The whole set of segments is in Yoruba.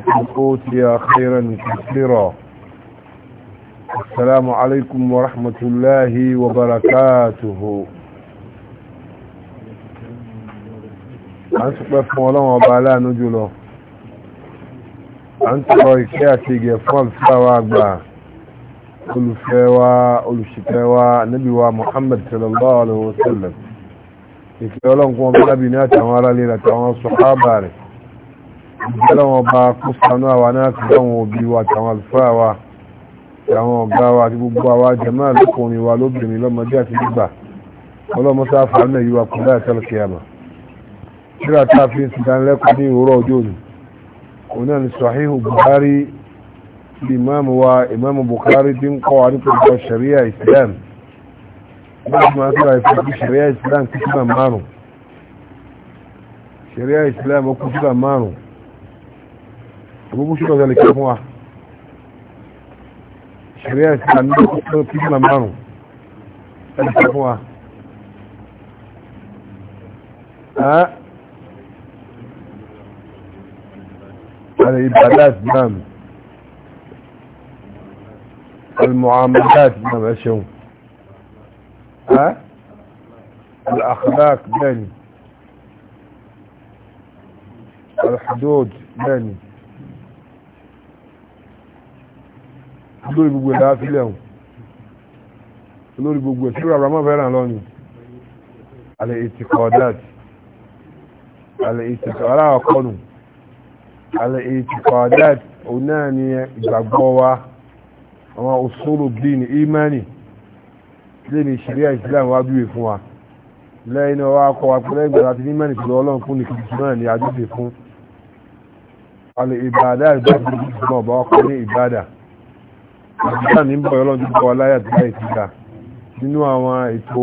فقد أوتي خيرا كثيرا السلام عليكم ورحمة الله وبركاته a ń sọpẹ́ fún ọlọ́run ọba aláàánú jùlọ a ń tọrọ ìkẹ́ àti ìgẹ̀ fún àlùfáàwà àgbà olùfẹ́ wa olùṣìpẹ̀ wa níbi wa Muhammad sallallahu alaihi wa sallam ìkẹ́ ọlọ́run kún ọba lábì ní àtàwọn aráàlú àtàwọn sọ̀hábà rẹ̀ ìgbẹ́lọ́wọ́n bá kó sanú àwa náà ti dáwọn òbí wa tàwọn àlùfáà wa tàwọn ọ̀gá wa àti gbogbo àwa jẹ̀mọ́ àlùkùnrin wa lóbìnrin lọ́mọdé àti gbígbà ọlọ́mọsá fàánà yíwa kò láì tẹ́lẹ̀ kíyàmà síra tá a fi ń sìdánilẹ́kọ̀ọ́ ní ìrọ̀rọ̀ ọjọ́ òní kò náà ní sàhíhù Bukhari ti ìmáàmù wa ìmáàmù Bukhari ti ń kọ́ wa nípa ìjọ sharia Islam láti máa sọ̀rọ̀ ìfọ̀kú sharia Islam kúkúrà márùn-ún Islam kúkúrà vous gbogbo ṣe lọ́dọ̀ lè kí fún wa ṣàríà ìsìnkà ní ọ̀pọ̀ pílà márùn ẹ̀lẹ́ kí fún wa ààrẹ ìbàdàt náà المعاملات نعم أشياء ها الأخلاق بني الحدود بني lórí gbogbo ẹ̀dá sílẹ̀ ọ̀hún lórí gbogbo ẹ̀ sílẹ̀ àbámọ́ fẹ́ràn lọ́nìí alẹ́ ìtìkọ̀ dat alẹ́ ìtìkọ̀ aláwọ̀kọ́nù alẹ́ ìtìkọ̀ dat òun náà ni ìgbàgbọ́ wa àwọn òṣòro bíi ní imani lè ní ìṣẹ̀lẹ̀ Islam wá bíwè fún wa lẹ́yìn náà wá kọ́ wa pẹ́lẹ́ ìgbàlá ti ní imani pẹ̀lú ọlọ́run fún nìkan jù náà ni a fún alẹ́ ìbàdà ìbàdà ìbàdà àdúrà ní bọ̀ ọlọ́run ti bọ̀ láyà tí láì ti gbà nínú àwọn ètò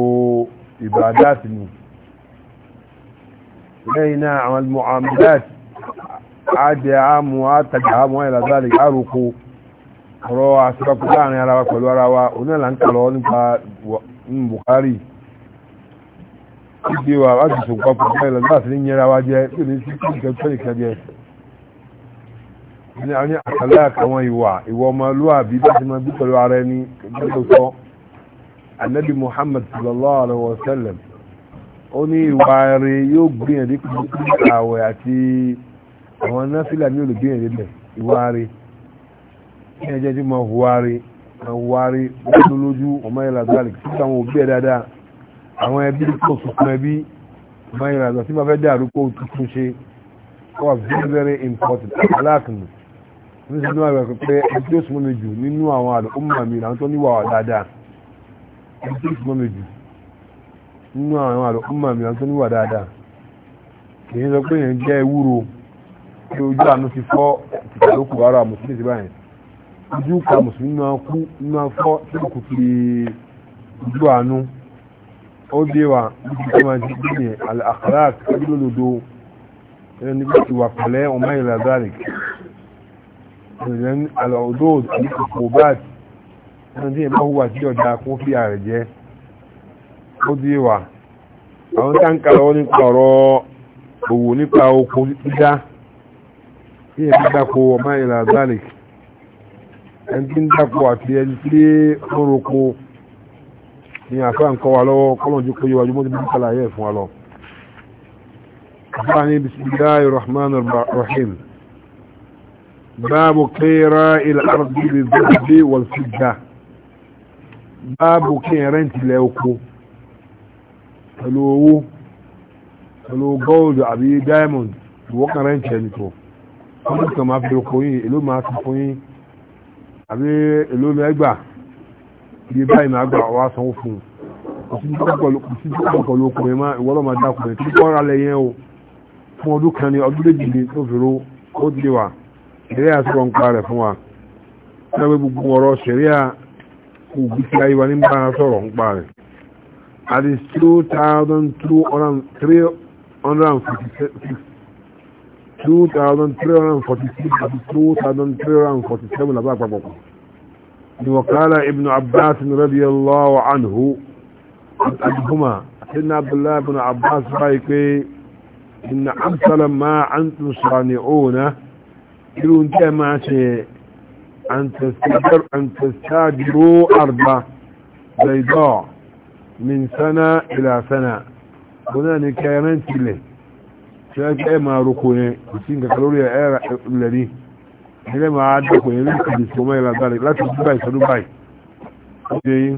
ìbàdáàtì nù lẹ́yìn náà àwọn mu'amalat àjẹ́ àmú àtàjà àmú ìlàzàlẹ̀ àròkò ọ̀rọ̀ àṣírọ́pù láàrin ara wa pẹ̀lú ara wa onílà ń kàlọ́ nípa Bukhari ìgbéwà láti ṣùgbọ́n pẹ̀lú ìlàzàlẹ̀ ní yẹra wa jẹ́ tí ò ní sí kí ìkẹ́ ní àwọn àkàlẹ́ àkàwọn ìwà ìwà ọmọlúwàbí bá ti máa bí pẹ̀lú ara ẹni gbọ́dọ̀ sọ anabi muhammad sallallahu alaihi wa sallam ó ní ìwà rẹ̀ yóò gbìyànjú pẹ̀lú àwẹ̀ àti àwọn náfìlà ní olùgbìyànjú bẹ̀ ìwà rẹ̀ ní ẹjẹ́ tí mo hùwà rẹ̀ mo hùwà rẹ̀ wọ́n lójú ọmọ ìlà garlic sí àwọn òbí ẹ̀ dáadáa àwọn ẹbí kò tuntun ẹbí ọmọ ìlà garlic sí máa fẹ́ dàrú kó tuntun ṣe ó wà very very important aláàkùnrin ní sọ níwájú ẹ̀kọ́ pé ẹni tí ó súnmọ́ mi jù nínú àwọn àdókòmọ̀ mi làwọn tó níwà dáadáa ẹni tí ó súnmọ́ mi jù nínú àwọn àdókòmọ̀ mi làwọn tó níwà dáadáa kì í sọ pé yẹn jẹ́ ewúro pé ojú àánú ti fọ́ ìtàlókù ara mùsùlùmí ti báyìí ojú ka mùsùlùmí náà kú náà fọ́ tí kò fi ojú àánú ó dé wa bí kò máa ti dín àkàrà àti kábílódodo ẹni bí ti wà pẹ̀lẹ́ ọmọ ìlà ìrìn alọ́dọ́d àti kòbát náà tí ìmá hùwà tí ọ̀dá kún fí ààrẹ jẹ́ ó dí wà àwọn táǹkà lọ nípa ọ̀rọ̀ òwò nípa oko dídá tí èmi dákò ọmọ ìlà zalik ẹni tí ń dákò àti ẹni tí ó roko ni àfáà ń kọ́ wa lọ́wọ́ kọ́lọ̀jú kó yíwájú mọ́tí bí kàlàyé fún wa lọ. Báyìí bismillahir rahmanir rahim. باب كيراء الأرض بالذهب والفضة باب كيراء تلوكو تلوو تلو gold àbí diamond ìwọ́ kan rẹ́ǹtì ẹni tó wọ́n ní kan máa fi oko yín èló máa fi fún yín àbí èló mẹ́gbà iye báyìí máa gbà wá sanwó fún un kò sí tó pọ̀lú oko yẹn máa ìwọ́lọ́ máa dákùnrin tí wọ́n rálẹ̀ yẹn o fún ọdún kan ní ọdún méjì ní tó fi ro ó ti wà ṣẹ̀ríà sọ̀rọ̀ ń pa rẹ̀ fún wa lọ́wọ́ gbogbo ọ̀rọ̀ ṣẹ̀ríà kò bí sí ayé wa ní bá sọ̀rọ̀ ń pa rẹ̀ àti two thousand two hundred three hundred and fifty six two thousand three hundred and forty six àti two thousand three hundred and forty seven làbá àpapọ̀ kan ni wàkàlà ibn abbas radiyallahu anhu àdìgúnmá سيدنا عبد الله بن عباس رايك ان امثل ما انتم صانعونه irú ń tẹ́ máa ṣe àǹtẹ̀sádìró àrùbá zaidọ́ min sana ila sana wọ́n náà ni kẹrin tilẹ̀ tí wọ́n kẹ́ máa roko ne kò sí nǹkan lórí ẹ̀rọ ìlẹ̀rí ilé máa dọ̀kọ̀ yẹn ní kìdì sí ọmọ ìlàdàrí láti dubai sí dubai ṣe yí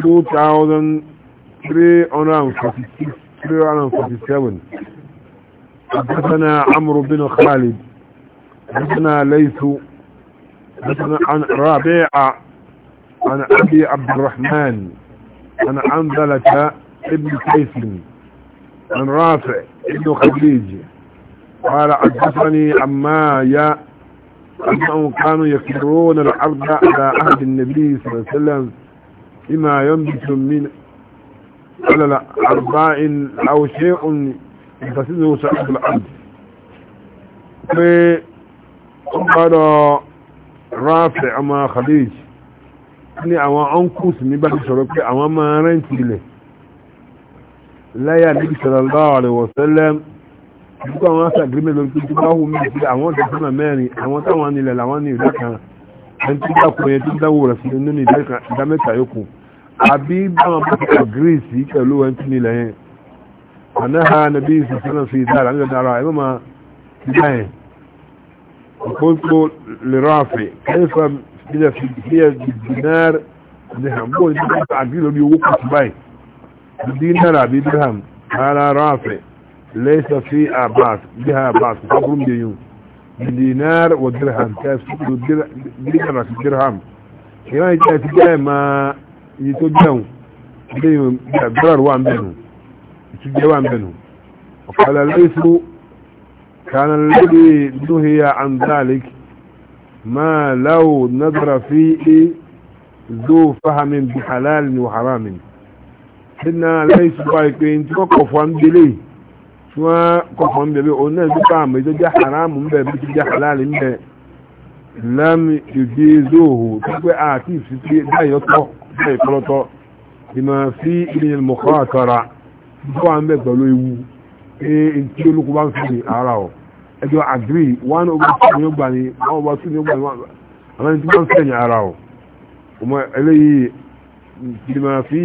2346 347 حدثنا عمرو بن خالد حدثنا ليث حدثنا عن رابعة عن أبي عبد الرحمن عن عنبله ابن كيس عن رافع ابن خديج قال حدثني عما يا أنهم كانوا يكبرون الأرض على عهد النبي صلى الله عليه وسلم بما ينبت من لا لا أرباع أو شيء ìtàsílẹ̀ sa'ad al-abd pé ó gbádọ̀ Rafi ọmọ Khalid ní àwọn uncles ní bá ti sọ̀rọ̀ pé àwọn máa rẹ́ǹtì ilẹ̀ láyà níbi sallallahu alaihi wasallam nígbà àwọn asa agreement lórí tuntun bá wù mí sí àwọn ọ̀dọ́sọ́nà mẹ́rin àwọn táwọn nílẹ̀ làwọn ní ìdá kan ẹni tó dá rẹ̀ sí anaha nabi sallallahu fi dara ni dara imama bidaye qultu li rafi kayfa bila fi hiya dinar dirham bo ni ta'dilo bi wuqt bay dinar bi dirham ala rafi laysa fi abat biha abat qabrum bi yum dinar wa dirham kasu dirham dirham kira ita ti ma yito dawo bi darar wa ambenu تجيوان بنو وقال الليث كان الذي نهي عن ذلك ما لو نظر فيه ذو فهم بحلال وحرام حنا ليس بايكين توقف عن بلي توقف عن بلي قلنا بقام إذا جاء حرام من بلي إذا جاء حلال من بلي لم يجيزوه تقوى آتيف ستي دا يطلق دا يطلق بما فيه من المخاطرة ìjọba ń bẹ̀ pẹ̀lú ewu ee tí olùkọ́ bá ń fi ní ara ọ̀ ẹjọ́ agri one over two ní ọgbà ní one over ní ọgbà ní àwọn ẹni tí wọ́n ń ní ara ọ̀ ọmọ eléyìí fi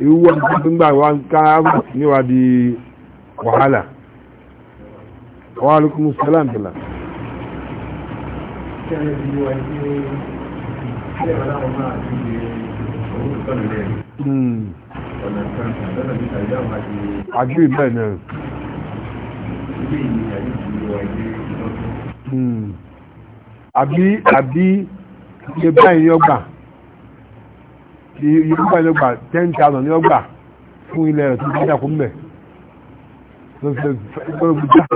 ewu wọn gbà ká wàhálà Mm. àgbé bẹ́ẹ̀ náà. Hmm. àbí àbí iye báyìí ni ó gbà iye báyìí ni ó gbà ten thousand ni ó gbà fún ilẹ̀ rẹ̀ tó ń dájà fún mẹ́ ló fi gbọ́dọ̀ bí dáhà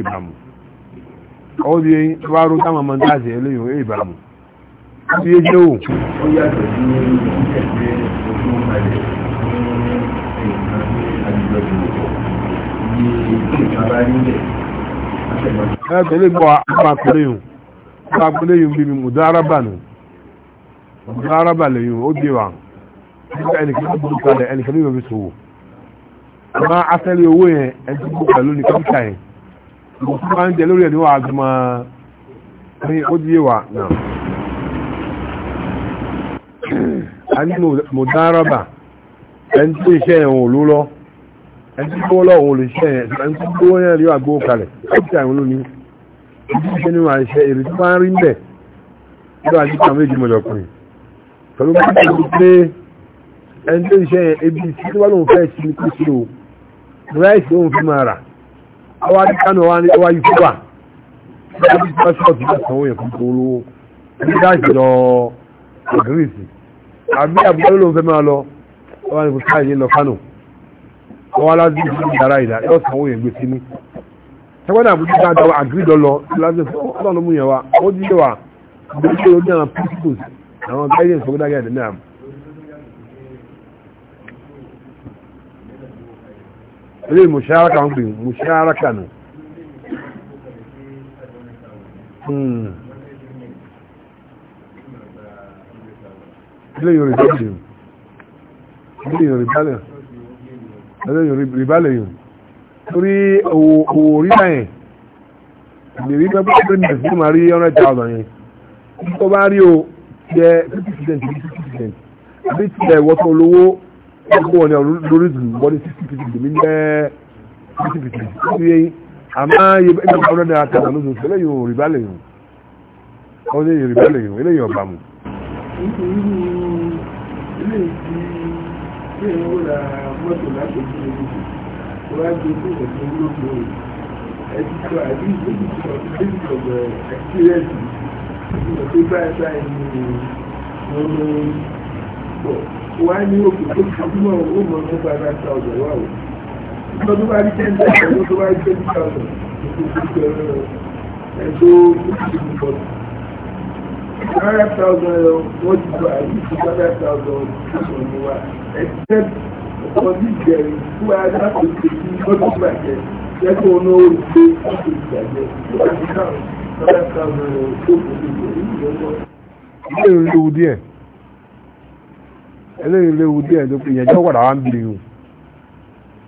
wọ̀ fi dà ọwọ́ bí yẹn bá rú táwọn ọmọ nígbà tí eléyìí ó ìbámu ó yé jẹ́ òun. ó yàtọ̀ sí ẹgbẹ́ ojú kalẹ̀ fún nǹkan tí àjùlọ ti wò ní ìjọba bá nílẹ̀. ẹ tẹ̀lé gbọ́ àpapọ̀lẹ́ yìí àpapọ̀lẹ́ yìí bíbí mùdáraba nù mùdáraba lẹ́yìn ó dé wa ẹnìkan tó burú kalẹ̀ ẹnìkan tó yọ̀ fi sòwò. máa asẹ́lẹ̀ owó yẹn ẹni tó burú kalẹ̀ lónìí kọ́ńtà yẹn ìwọ̀n tó máa ń jẹ lórí ẹ̀ ní wàá gbọmọ ní ó di náà. a ní mo dán rọ́bà ẹni tó iṣẹ́ ẹ̀ òun ló lọ ẹni tó gbówó lọ́wọ́ òun lè ṣe ẹ̀ ẹni tó gbówó náà yóò gbówó kalẹ̀ ó ti àwọn olómi ìdí iṣẹ́ nínú àṣẹ èrè tó máa ń rí mbẹ̀ nígbà tí kàwé jù mọ̀ lọ́kùnrin pẹ̀lú bí wọ́n ti pé ẹni tó iṣẹ́ ẹ̀ tí wọ́n lòun fẹ́ sí ní kó ráìsì òun fi máa rà àwọn adìkanù wa yìí fúgbà láti fẹ́ ṣọ́ọ̀tì lásanwó yẹn fún tóró ní láti lọ àgírísì àbí àbúrò ló ń fẹ́ máa lọ wọ́n ní kò sáà yìí lọ kánò wọ́n aláàbí ìlú yàrá ìdá yóò sanwó yẹn gbé sí ní sẹ́gbọ́n àbúrò dáadáa àgírídọ lọ láti ọlọ́run mú yẹn wa ó díje wa àbúrò ló ní àwọn principles àwọn guidance for gbẹ́dàgẹ́ ilé mùsàáràkà ń pè mùsàáràkà nù. Hmm. ilé yóò rí bẹ́ẹ̀ yìí ilé yóò rí bẹ́ẹ̀ ilé yóò rí bẹ́ẹ̀ yìí torí owó orí náà yẹn ìlérí bẹ́ẹ̀ bẹ́ẹ̀ bẹ́ẹ̀ nìyẹn fún ma rí hundred thousand yẹn tó bá rí o jẹ fifty percent fifty percent àbí tiẹ̀ wọ́tọ̀ olówó gbogbo wọn ni lórí dùn bọ́ ní sixty fifty dèmí ní fifty fifty ó yẹ àmọ́ yẹ bẹ́ẹ̀ ní ọ̀rọ̀ náà tẹ̀lé lóṣù tó lẹ́yìn òrì bá lẹ́yìn ó lè yẹ̀rì bá lẹ́yìn eléyìn ọ̀bà mu. Thank you wàá ní òkè tó kàdúmọ̀ ó mọ̀ ní bàbá ta ọ̀dọ̀ wà o. Ìjọba tó bá rí ten thousand ló tó bá rí twenty thousand kò tó ẹ̀dọ́ fifty four. Five thousand wọ́n ti gba àyè fún five thousand fún ọ̀nà wa except ọ̀pọ̀ ní ìjẹ̀rìn fún adáàbò tó ti lọ́dún bàjẹ́ lẹ́kọ̀ọ́ ọ̀nà òòlù pé wọ́n ti bàjẹ́ láti káwọn five thousand tó kù ní ìjẹ̀rìn lọ́wọ́. Ilé ìlú díẹ̀ eléyìí léwu díẹ̀ ló pé ìyẹ̀jọ́ wà láwọn bìrì o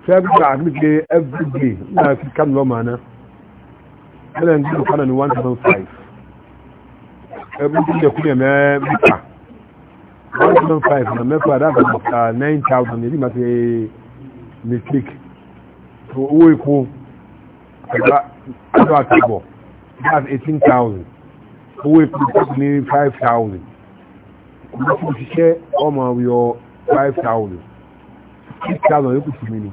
fẹ́ẹ́bí gba àgbègbè everyday náà fi lọ́mọ àná ẹlẹ́ ń gbé kánú ní one thousand five ẹbí tó kúnyẹ̀ mẹ́ta one thousand five na mẹ́fà dáàbò nine thousand èyí máa ṣe mistake owó epo ẹ̀dá àjọ àtàbọ̀ that's eighteen thousand owó epo ní five thousand ìgbà tí mo ṣiṣẹ́ ọmọ yọ five thousand six thousand yókù sí mi ni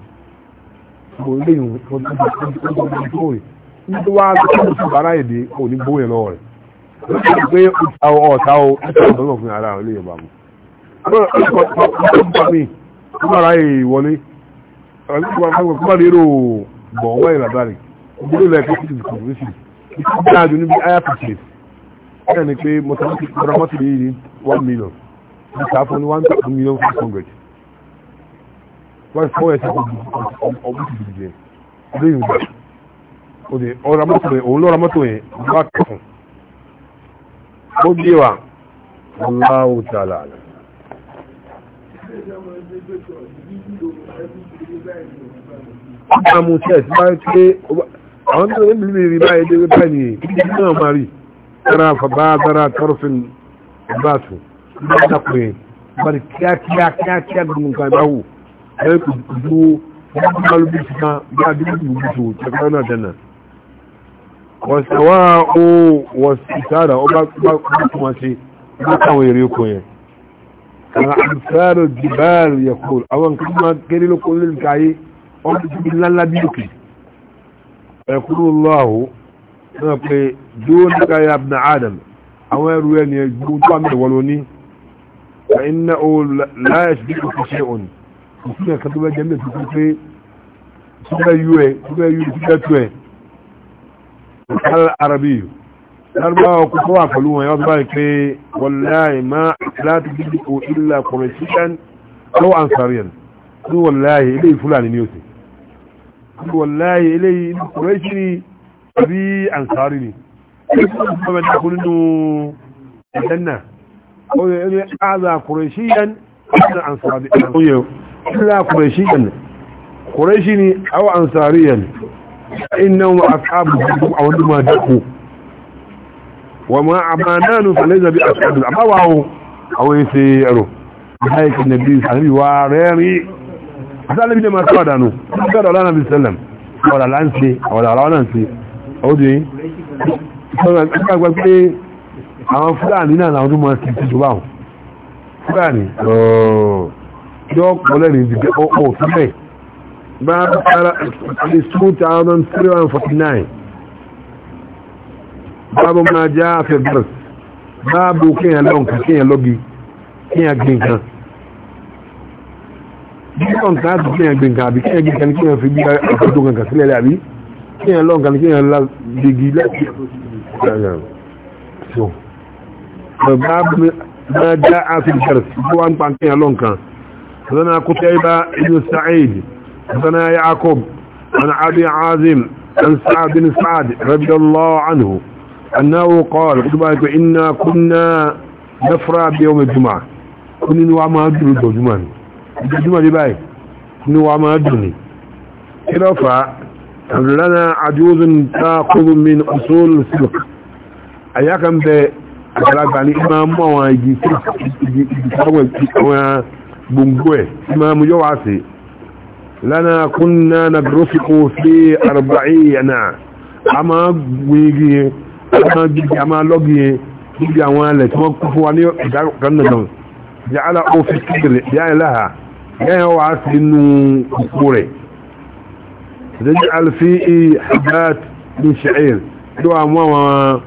mo lè yùn ọdún tó rè nígbà wá lọ́wọ́ tó bá láyè dé ò ní gbóyè lọ́wọ́ rẹ̀ lọ́wọ́ pé ọ̀tá o ọ̀tá o ẹ̀ka ọ̀dọ́nà fún ara rẹ̀ lè bá mu. ọ̀pọ̀lọpọ̀ mi ó bá ráyè wọlé ọ̀pọ̀lọpọ̀ kó bá lérò bọ̀ wọ́n ìlàdá rẹ̀ ògbóló lẹ́ẹ̀kẹ́ sí ìdìbò sí ìdíjáde níbi ayapẹ̀tẹ̀ ẹ̀rọ ni pé mọ̀tàmọ́tì mọ̀tàmọ́tì yìí ní one million ní sàáfọ́ ní one thousand million five hundred wọ́n fọ́ ẹ̀sẹ̀ ọ̀bùtù jìjì ọdún yìí gbà ó di ọ̀rọ̀ mọ́tò yẹn òun lọ́ra mọ́tò yẹn bá kẹfùn ó bí wa aláwọ̀ tí a là á. ó bá mú sẹ́ẹ̀sì báyìí pé àwọn tó ń bí mi rí báyìí dé báyìí nìyí kí ni náà rí tara fabadara tarfin basu ba da kuye bar kiya kiya kiya kiya gumin ka dawo sai ku zo kalbi ta ba da rubutu ta kana da nan wasawa'u wasitara o ba kuma ce ba kawai reko ya ala amsar jibal yaqul awan kuma gari lokul kai on billahi labi yake yaqulu allah náà pé dúnúkà ya ibn adam àwọn ẹrù ẹni ẹgbùn tó àmì ìwọ̀lò ní ka iná o láyẹ̀ṣì bí kò ṣe òun ìsìn ẹ̀ka tó bẹ́ jẹ́ mẹ́ tuntun pé súnbẹ́ yú ẹ̀ súnbẹ́ yú súnbẹ́ tó ẹ̀ al arabi lárúbá ọkọ̀ tó wà pẹ̀lú wọn yọ́ báyìí pé wọláì má láti àbí àǹsáàrí ni ọmọ ẹ̀dàkùn nínú ẹ̀dẹ́nà ọ̀rẹ́ kùrẹ̀ṣíyàn kùrẹ̀ṣí ni àwọn àǹsáàríyàn iná wọn àkáàbù àwọn ọdún máa dákù wọ́n máa àmà náà nù fàlẹ́zà bí àkáàbù àbáwà àwọn ẹ̀sẹ̀ ẹ̀rọ báyìí nàbí sàríwí wà rẹ́rí àtàlẹ́bí ní ma sọ́ọ̀dánù sọ́ọ̀dọ̀ lánàbí sẹ́lẹ̀m ọ̀dà sí ọdún yìí ìgbàgbà pé àwọn fúlàní náà làwọn tó máa kì í tìjọba àwọn fúlàní yọ pọ̀lẹ̀ ní ìdìbẹ̀ ọkọ̀ sílẹ̀ bá ara ní 2349 bábọ̀ máa já fẹ́bẹ̀rẹ̀ báàbò kíyàn lọ nǹkan kíyàn lọ́gi kíyàn gbé nǹkan bí kọ̀ǹkan àti kíyàn gbé nǹkan àbí kíyàn gbé nǹkan ní kíyàn fi bí àkójọ nǹkan sílẹ̀ àbí kí èèyàn lọ́nkà ní kí èèyàn lá dègì láti so bàbá máa dá áfíì kẹrẹsì tó wá ń pa kí èèyàn lọ́nkà sana kutaiba ibn sa'id sana yaqub an abi azim an sa'ad bin sa'ad radiyallahu anhu annahu qala kutubaka inna kunna nafra bi yawm al-jum'ah kunni wa ma duru do لنا عجوز تاخذ من اصول السلك اياكم ده àgbàlagbà ní ìmá mú àwọn igi àwọn gbogbo ẹ̀ ìmá mú yọ́wà sí lánà kúnnà na gúrófìkò sí àrùbáyé yànà a máa gbìyànjú a máa gbìyànjú a máa lọ́gbìyàn níbi àwọn alẹ̀ tí wọ́n kú fún wa ní ìdákanàdàn jẹ́ alá òfin kíkìrì yáyẹ̀ láhà yáyẹ̀ wà sí inú òkú rẹ̀ نجعل فيه حبات من شعير دوا ما ما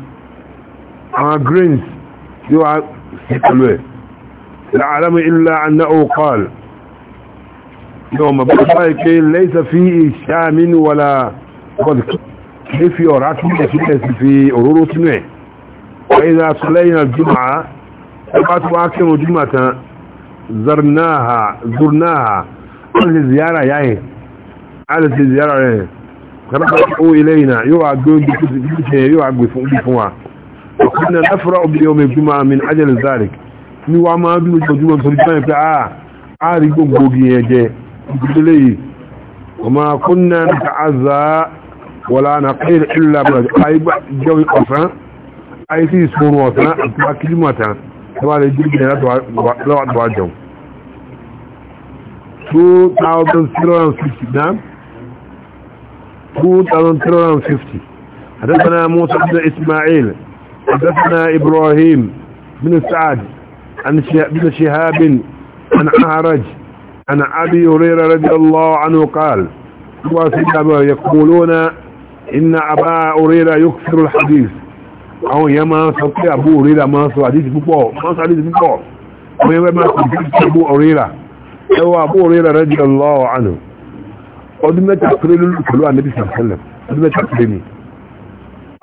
ما جرينز دوا سيكلوه لا أعلم إلا أنه قال يوم بطايك ليس فيه شام ولا غذك كيف يورات في أرورو سنوه وإذا صلينا الجمعة فقط واكم جمعة زرناها زرناها كل زيارة يعني alẹ́ ti ziyara rẹ̀ kàbàkà ó ilé ìnà yóò wà gbé oúnjẹ tó ti yóò wà gbé fún bí fún wa ọkùnrin náà láfúrá òbí ọmọ ìgbìmọ̀ àmì ajẹ́lẹ̀ zarik ní wàá máa bí ojoojúmọ́ nítorí báyìí pé a ah, a rí gbogbo ogi yẹn jẹ ìdílé yìí ọmọ akúnnà níta azà wọlá na kéèrè ìlà bàjẹ́ àyíbá jẹun ọ̀sán àyí sí ìsúnrún ọ̀sán 2350 حدثنا موسى بن إسماعيل حدثنا إبراهيم بن سعد عن بن شهاب عن عرج عن أبي هريرة رضي الله عنه قال يقولون إن أبا هريرة يكثر الحديث أو يما سطي أبو هريرة ما سوى حديث بقوة ما سوى حديث بقوة ويما سوى حديث أبو هريرة هو أبو هريرة رضي الله عنه ọdún mẹ́ta péré lórí pẹ̀lú ànábì sàmsẹ́lẹ̀ ọdún mẹ́ta péré ni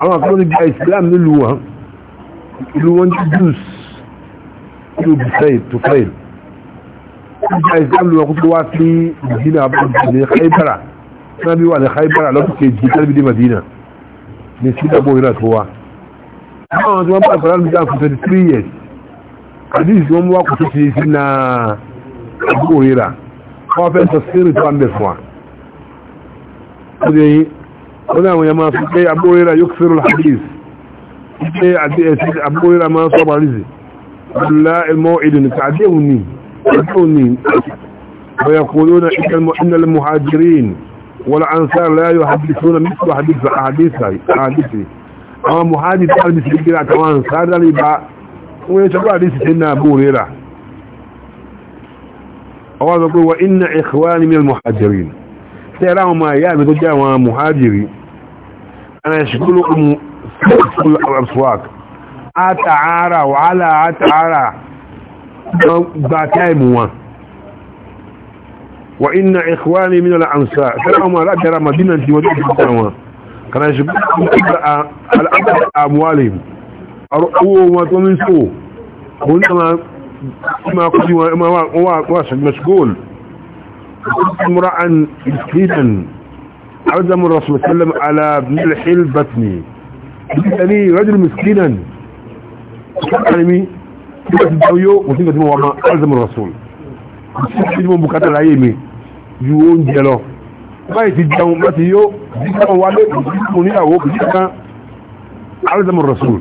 àwọn akọ́ni gba islam nílùú wọn ìlú wọn ti jews ìlú bisayid tó fẹ́yìn wọ́n gba islam lọ́wọ́ kótó wá sí madina abúlé ní khaibara tí wọ́n bí wà ní khaibara lọ́dún kejì tẹ́lẹ̀ bí madina ní sídà bóyá náà tó wá àwọn tí wọ́n bá ìfọ̀rọ̀ àlùjá fún twenty years àdìsí tí wọ́n mú wá kó sí náà àbúrò rírà wọ́n fẹ́ sọ sírì tó wà ń bẹ̀ fún wa ọdẹ́yìn wọ́n àwọn yàmá fi pé abúrírà yóò fẹ́rọ hadith pé àdíẹ̀sí abúrírà máa sọ parísì abúlá ẹmọ ìdùnnì àdíẹ̀wò ní ẹgbẹ̀wò ní ويقولون إن المهاجرين والأنصار لا يحدثون مثل حديث حديثي أما مهاجر تعلم سبيلا كما أنصار لبا ويشبه حديث سنة أبو هريرة وإن إخواني من المهاجرين tẹ́ra àwọn ọmọ ìyá mi tó jẹ́ àwọn muhajiri ana ṣìkúlù ọmọ um, ṣìkúlù al'aswak a tààrà wàhálà a tààrà don gba táìmù wọn wa inna ikhwani min al'amsa tẹ́ra ọmọ aládẹ́ra madina ti wọ́n tó jẹ́ wọn kana ṣìkúlù al'adar amuwalim owó امرأ مسكينا عزم الرسول صلى الله عليه وسلم على ابن الحل بطني بيتني رجل مسكينا تعلمي تبقى تدويو وتبقى تبقى وما عزم الرسول تبقى بكاتا العيمي يوون جلو ما يتجاو ما تيو جيكا والي جيكا ووك جيكا عزم الرسول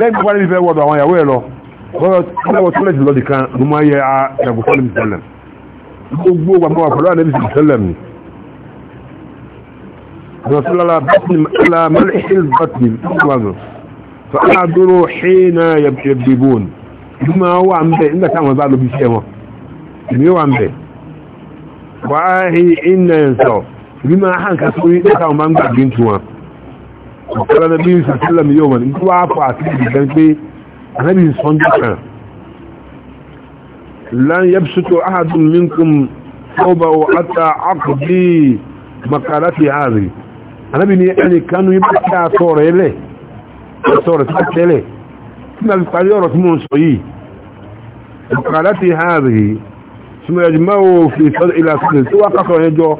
لأن بقى لي فيه وضع ويا ويلو وقال وتولد الله دي كان نما يا ابو سالم gbogbo gbogbo àpọ̀lú àdébí sí ìṣẹ́lẹ̀ mi rọ̀sílára bẹ́tìlá hilbati tókùwàzọ̀ tó á dúró ṣína yabdibon ìdúmà wà ń bẹ̀ nígbà táwọn bá lóbi ṣe wọn ìdí wà ń bẹ̀ wáhí iná ẹ̀sọ̀ ìdí máa hàn ká sórí táwọn máa ń gbà لن يبسط أحد منكم ثوبه حتى عقدي مقالتي هذه أنا بني يعني كانوا يبقى صورة إليه صورة تبقى إليه ثم بقال يورة منصعي مقالتي هذه ثم يجمعه في صدق إلى صدق وقصوا يجو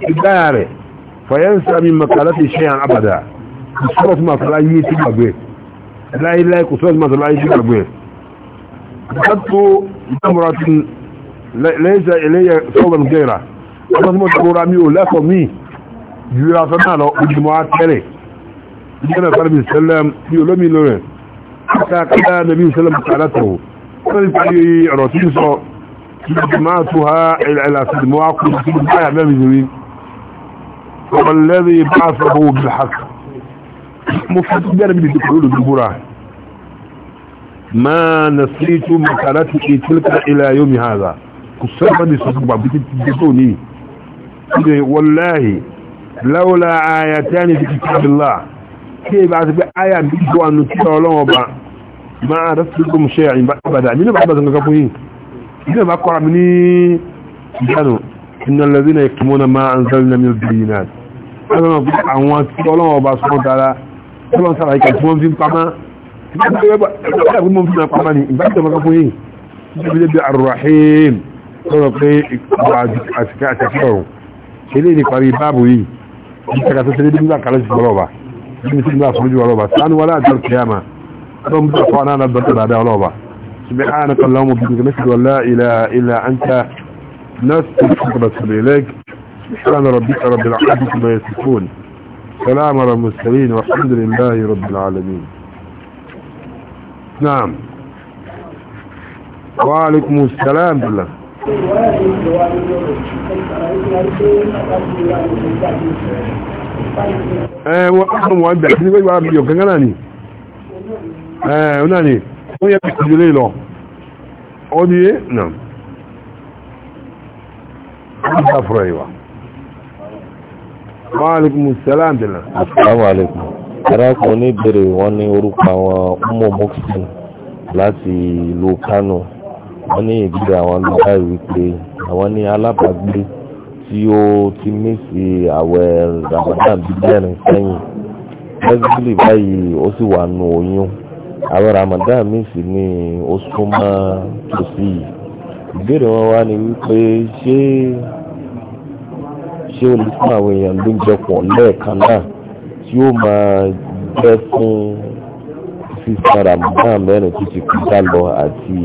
في الدار فينسى من مقالتي شيئا أبدا صورة ما صلاحيه تبقى لا إله كصورة ما صلاحيه تبقى خدت نمرة ليس إلي صوبا غيره أما ثم تقول رامي ولا فمي يرى فما لو مجموعات كري جنا صلى الله عليه وسلم يولمي لورين حتى كان النبي صلى الله عليه وسلم قالته فلتعي صو جماعتها إلى سيد مواقف سيد مواقف أمام زمين والذي بعثه بالحق مفتدر من الدخول بالبراه ما نسيت مقالتي تلك الى يوم هذا كسبني سبب بتدوني والله لولا آيتان في كتاب الله كيف عتب آية بيجوا أن نتلع لهم ما عرفت لكم شيئا أبدا من بعد ذلك كفوه إذا ما قرأ مني كانوا إن الذين يكتمون ما أنزلنا من البينات أنا أقول أن نتلع لهم سبحانه وتعالى سبحانه وتعالى يكتمون في الطعام الرحيم eléyìí parí báàbù yìí ìtàkàtà tẹ́lẹ̀ nígbà kàlẹ̀ sí ọlọ́ọ̀bà nígbà tí nígbà fúrújú ọlọ́ọ̀bà sánú wọlé àjọ kìyàmà tó ń bọ̀ fọ́nà náà dọ́tà dáadáa ọlọ́ọ̀bà سبحانك اللهم وبحمدك نشهد ان لا اله الا انت نستغفرك ونتوب اليك سبحان ربك رب العزه عما يصفون سلام على المرسلين والحمد لله رب العالمين نعم وعليكم السلام بالله ẹ wọ́n ọdún wọ́n bẹ̀rẹ̀ sí wíwá bí ọ̀gán náà ni ẹ̀ náà ni ó yẹ kìí jùlé lọ ó ní náà ó ní sáfúrẹ̀ ìwà wọ́n alaikum salam dìlà arákùnrin oníbèrè wọn ní orúkọ àwọn ọmọ boxing láti ìlú kano. wọn ní ìbílẹ̀ àwọn ló wípé àwọn ní alábàágbé tí ó ti mísì àwẹ̀ Ramadan bíbẹ̀rin sẹ́yìn lẹ́gbẹ̀lì báyìí ó sì wà nù oyún àwẹ̀ Ramadan mísì ní oṣù mọ́ tòsí yìí ìbéèrè wọn wá ní wípé ṣé ṣé o lè fún àwọn èèyàn lóúnjẹ pọ̀ lẹ́ẹ̀kan tí ó máa jẹ́ fún sísan ramadan mẹ́rin tó ti kọjá lọ àti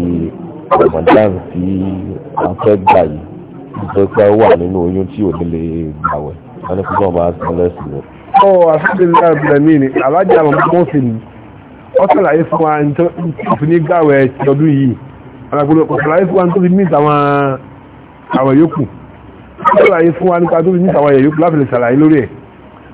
ramadan tí a fẹ́ gbà yìí nítorí pé ó wà nínú oyún tí ò ní lè gbàwẹ̀ wọn ní kókó máa san lẹ́sìn rẹ̀. ọ alhamdulilayi abdulhamid alájà mọ̀mọ́ sì ni wọ́n sàlàyé fún wa ní tó fi ní gbàwẹ̀ ti ọdún yìí alágbèrè kò sàlàyé fún wa ní tó fi ní ìtàwọn àwẹ̀ yòókù sàlàyé fún wa ní ká tó fi ní ìtàwọn àwẹ̀ yòókù láfi lè sàlàyé lórí ẹ̀.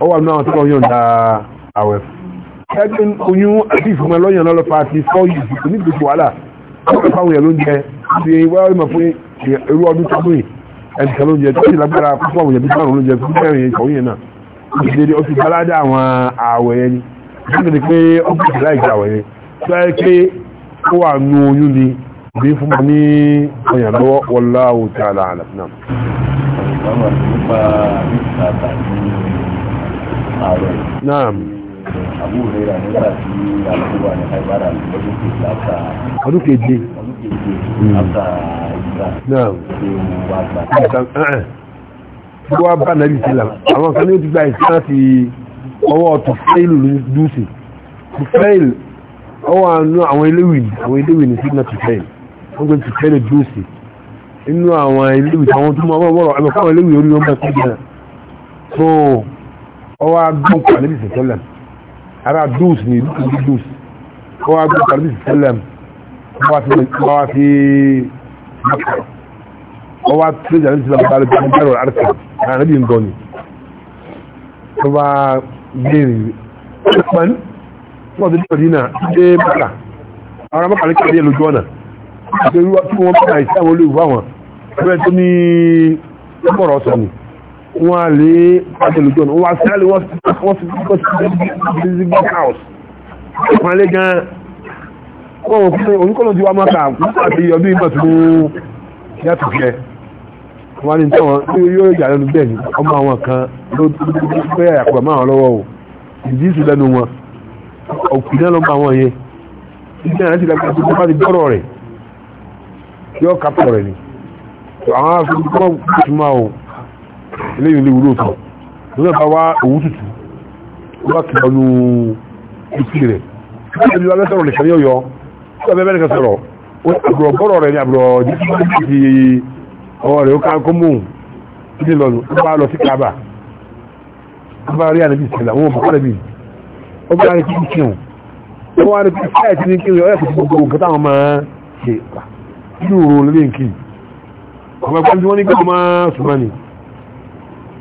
ó wà náà tó lọ yàn dá àwẹ̀ ẹgbẹ́ oyún àti ìfúnmọ́ lọ́yàn lọ́lọ́ fa ti fọ́ yìí kò ní gbogbo wàhálà ó fáwọn èèyàn ló ń jẹ ti wáyé mọ̀ fún irú ọdún tó gbìn ẹnìkan ló ń jẹ tó sì lágbára fún àwọn èèyàn bí márùn ló ń jẹ fún mẹ́rin ìkọ̀ yẹn náà ó sì dédé ó sì baládà àwọn àwẹ̀ yẹn ni ó sì pé ó kù sí láì gbàwẹ̀ yẹn tó yẹ pé ó wà nu oyún ni bí fún mi ní ọyàn lọ́wọ́ wallahu ta'ala a'lam náà ààrẹ. naam. àbúrò rẹ̀ rà nígbà tí àlùkò wà ní àìbára lọ́dún kejì keje. ọdún keje hmm. naam. ṣé mo wá gbà. wọ́n bá nàbì àwọn kan ní o ti gba ìsìn àti ọwọ́ tùfẹ́ìlù dùsì tùfẹ́ìlù ọwọ́ àánú àwọn eléwì àwọn eléwì ní sígbà tùfẹ́ìlù wọ́n gbé tùfẹ́ìlù dùsì inú àwọn eléwì àwọn tó máa wọ́rọ̀ ẹ̀mọ̀ká àwọn eléwì orí wọn bá tó jẹ́ so ọwọ́ agbọ́n kàlẹ́bí sẹ̀sẹ̀lẹ̀m ara dùs ní ìlú dùs ọwọ́ agbọ́n kàlẹ́bí sẹ̀sẹ̀lẹ̀m ọwọ́ fi mọ́kà ọwọ́ tẹ́jà ní sílẹ̀ bá lẹ́bí ẹ̀rọ àrẹ́sẹ̀ àrẹ́bí ń gọ́ni tó bá gbèrè pẹ̀lú wọ́n ti dìbò dínà dé mọ́kà ara mọ́kà ní kàdé lójú ọ̀nà àti wọ́n bá ìṣẹ́ àwọn olóòwò àwọn ẹgbẹ́ tó ní ọmọ wọ́n lè pàtàkì john wọ́n sáré wọ́n fi kọ́ sí zigbee house wọ́n lè gan wọ́n fún oníkọ́lọ́ tí wọ́n máa kà àti ọdún ìgbà tó yàtọ̀ jẹ́ wọ́n ní tọ́wọ́n yóò yà lẹ́nu bẹ́ẹ̀ ni ọmọ àwọn kan ló fẹ́ àpò àmọ́ àwọn lọ́wọ́ o ìdí ìsù lẹ́nu wọn òkú náà ló máa wọ́n yẹ ìdí náà ti lẹ́kọ̀ọ́ tó bá ti dọ́rọ̀ rẹ̀ yóò kápọ̀ rẹ̀ ni àwọn afẹ́ eléyìí lè wúlò tó lọ́nà bá wá òwú tutù wá kí ọlú etí rẹ̀ láti ẹni lálẹ́ sọ̀rọ̀ nìkan yọ̀yọ́ tí ọbẹ̀ bẹ́ẹ̀ nìkan sọ̀rọ̀ àbúrò bọ́rọ̀ rẹ̀ ni àbúrò jíjí ọwọ́ rẹ̀ ó ká kó mú ilé lọ́nu ó bá lọ sí kábà ó bá rí ànábì sẹ̀lá wọn bọ̀ kọ́lẹ̀ bí ó bá rí kí n kí wọn ó wá rí kí káyà tí ní kí ọyọ́ kò sí gbogbo nǹkan táwọn máa ṣe inú òru lórí nǹkan ọmọ ẹgbẹ́ tí wọ́n ní gbogbo máa sùn máa nìyí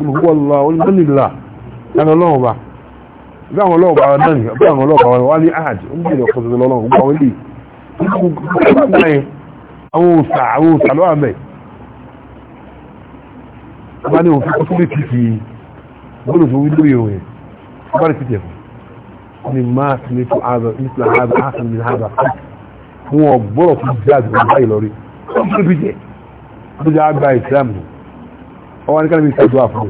olùkọ́lá olùmọ́nìlá ẹni ọlọ́run bá bí àwọn ọlọ́run bá wà náà bí àwọn ọlọ́run bá wà ní ahad ń bèèrè ọkọ̀ tó lọ́run gbogbo àwọn ilé àwọn òsà àwọn òsà lọ́wọ́ àmẹ́ bá ní òfin kọ́tún lè ti fi bọ́ọ̀lù tó wí lórí òun bá rí títẹ̀ fún ni máa ọwọ́ ní kálùmí ìṣàdúwà fún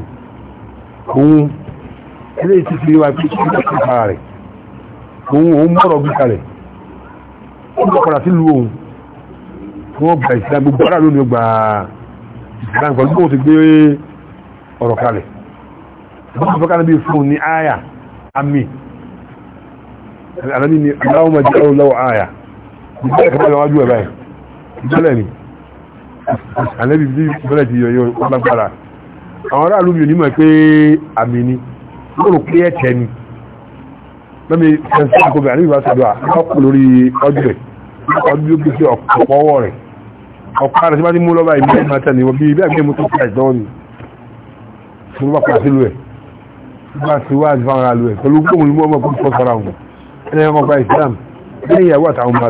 òun ilé ìtì fi wà pé kí ó kí para rẹ̀ òun òun mọ́rọ̀ bí kalẹ̀ ó lọ padà sílùú òun wọ́n gba ìsìlám gbogbo ara lónìí gba ìsìlám pẹ̀lú bóun ti gbé ọ̀rọ̀ kalẹ̀ bóun fẹ́ kálẹ̀ bí fún ní àyà àmì àlàní ni aláwọ̀ máa jẹ́ ọlọ́wọ́ àyà ìgbẹ́lẹ̀ kan lọ́wọ́ ju ẹ̀ báyìí ìgbẹ́lẹ̀ ni àlẹ́bí bí ìgbẹ́lẹ̀ ti yọ yọ ọlọ́gbàrà àwọn ará lómi onímọ̀ pé àmì ni wọ́n rò pé ẹ̀tẹ̀ ni lọ́mí ẹ̀sìn àkọ́bẹ̀ àníbà sàdọ́à ọkọ̀ lórí ọdún rẹ̀ ni mo bá pàṣẹ lu ẹ̀ bá ti wá àti fáwọn alu ẹ̀ pẹ̀lú gbóhùn ní mọ́ kó fọ́ sọ́ra wọn ẹni ọmọ gba Islam lẹ́yìn ìyàwó àtàwọn ọmọ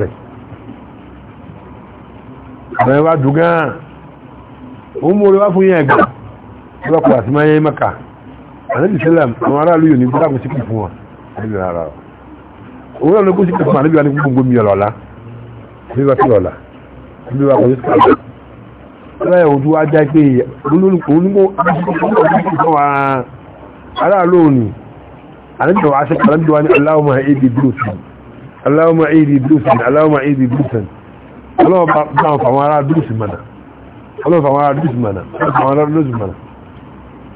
rẹ̀ àwọn ọlọ́pàá àti máa yẹ́ mẹ́ka àníbi sẹ́lẹ̀m àwọn aráàlú yóò ní gbọ́dá kò síkì fún wọn àníbi ara òun náà ló kó síkì fún àníbi wa ní gbogbo mi ọ̀lọ́lá àníbi wa sí ọ̀lá àníbi wa kò sí síkì fún ọlọ́yà ojú wa já pé olùkọ́ aráàlú òní àníbi wa sẹ́kì àníbi wa ní aláwọ̀mọ̀ èdè dúrósì aláwọ̀mọ̀ èdè dúrósì aláwọ̀mọ̀ èdè dúrósì ọlọ́wọ́ bá wọn fà wọn mọ̀nà ọlọ́wọ́ fà wọn ará dúrósì mọ̀nà ọlọ́wọ́ fà wọn ará dúrósì mọ̀nà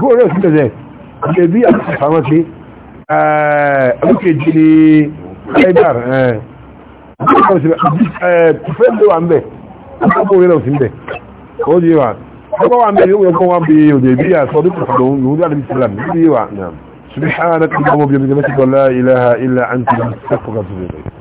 kúrò sí tẹ̀sẹ̀ ṣe bí àfàmọ́ sí ọkẹ̀jì ni ẹgbàr fẹ́ ló wà ń bẹ̀ ọkọ̀ òwe náà sí ń bẹ̀ ó di wà ọkọ̀ wà ń bẹ̀ yóò yẹ kó wọ́n bí òdè bí àsọdún pàtàkì lòun jáde bí sílẹ̀ ní bí